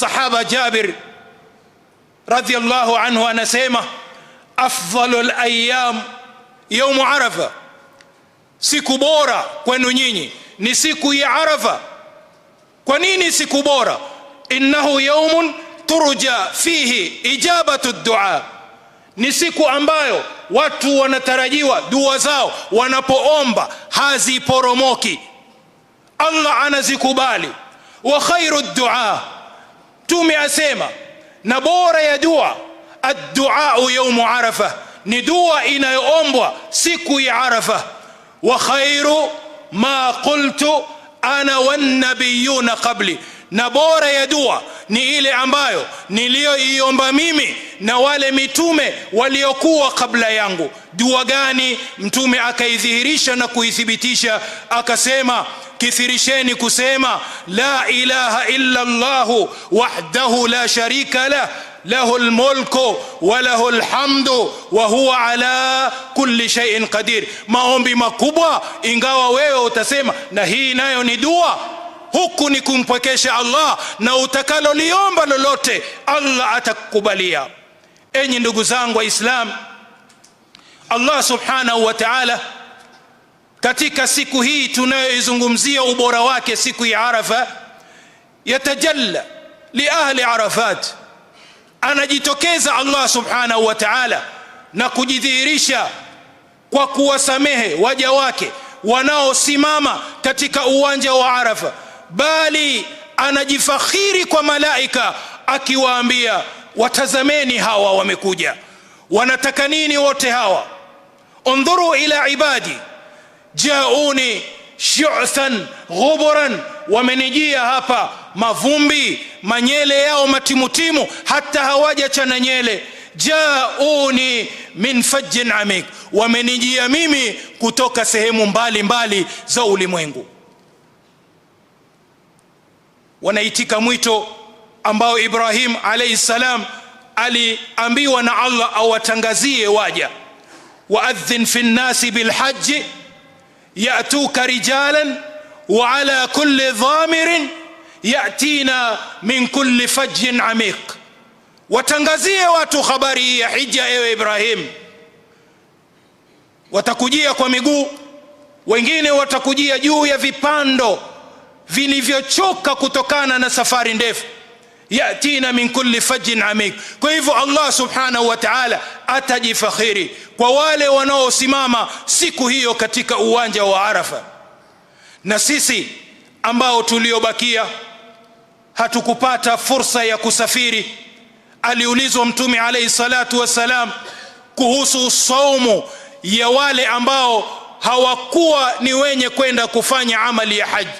sahaba Jabir radhiallahu anhu anasema afdalu layam yaumu Arafa, siku bora kwenu nyinyi ni siku ya Arafa. Kwa nini siku bora? Innahu yaumun turja fihi ijabatu dua, ni siku ambayo watu wanatarajiwa dua zao wanapoomba haziporomoki, Allah anazikubali. Wa khairu dua Mtume asema, na bora ya dua adduau yaumu arafa, ni dua inayoombwa siku ya Arafa. Wa khairu ma qultu ana wannabiyuna qabli, na bora ya dua ni ile ambayo niliyoiomba mimi na wale mitume waliokuwa kabla yangu. Dua gani? Mtume akaidhihirisha na kuithibitisha akasema kithirisheni kusema la ilaha illa llahu wahdahu la sharika lah له الملك وله الحمد وهو على كل شيء قدير maombi makubwa ingawa wewe utasema na hii nayo ni dua huku ni kumpwekesha Allah na utakaloliomba lolote Allah atakukubalia enyi ndugu zangu waislam Allah subhanahu wa ta'ala katika siku hii tunayoizungumzia ubora wake siku ya arafa yatajalla liahli arafat anajitokeza allah subhanahu wa taala na kujidhihirisha kwa kuwasamehe waja wake wanaosimama katika uwanja wa arafa bali anajifakhiri kwa malaika akiwaambia watazameni hawa wamekuja wanataka nini wote hawa undhuru ila ibadi jauni shu'than ghuburan, wamenijia hapa mavumbi, manyele yao matimutimu, hata hawajachana nyele. Jauni min fajjin amik, wamenijia mimi kutoka sehemu mbalimbali mbali za ulimwengu. Wanaitika mwito ambao Ibrahim alayhi salam aliambiwa na Allah awatangazie waja, waadhin fi nnasi bilhaji yatuka rijalan wa ala kulli dhamirin yatina min kuli fajin amiq watangazie watu habari ya hija ewe ibrahim watakujia kwa miguu wengine watakujia juu ya vipando vilivyochoka kutokana na safari ndefu yatina min kulli fajin amik. Kwa hivyo Allah subhanahu wa ta'ala atajifakhiri kwa wale wanaosimama siku hiyo katika uwanja wa Arafa, na sisi ambao tuliobakia hatukupata fursa ya kusafiri. Aliulizwa Mtume alayhi salatu wassalam kuhusu saumu ya wale ambao hawakuwa ni wenye kwenda kufanya amali ya haji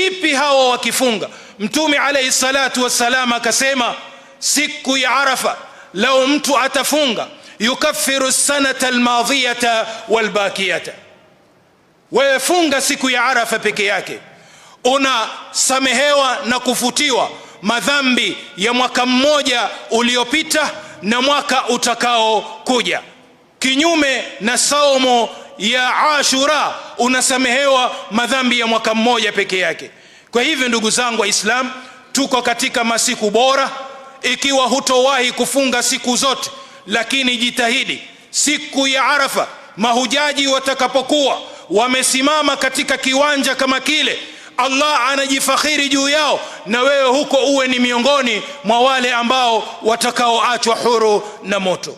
vipi hawa wakifunga mtume alaihi salatu wassalam akasema siku ya arafa lau mtu atafunga yukaffiru sanata almadhiyata walbakiyata wewe funga siku ya arafa peke yake unasamehewa na kufutiwa madhambi ya mwaka mmoja uliopita na mwaka utakaokuja kinyume na saumo ya Ashura unasamehewa madhambi ya mwaka mmoja peke yake. Kwa hivyo ndugu zangu waislam tuko katika masiku bora. Ikiwa hutowahi kufunga siku zote, lakini jitahidi siku ya Arafa, mahujaji watakapokuwa wamesimama katika kiwanja kama kile, Allah anajifakhiri juu yao, na wewe huko uwe ni miongoni mwa wale ambao watakaoachwa huru na moto.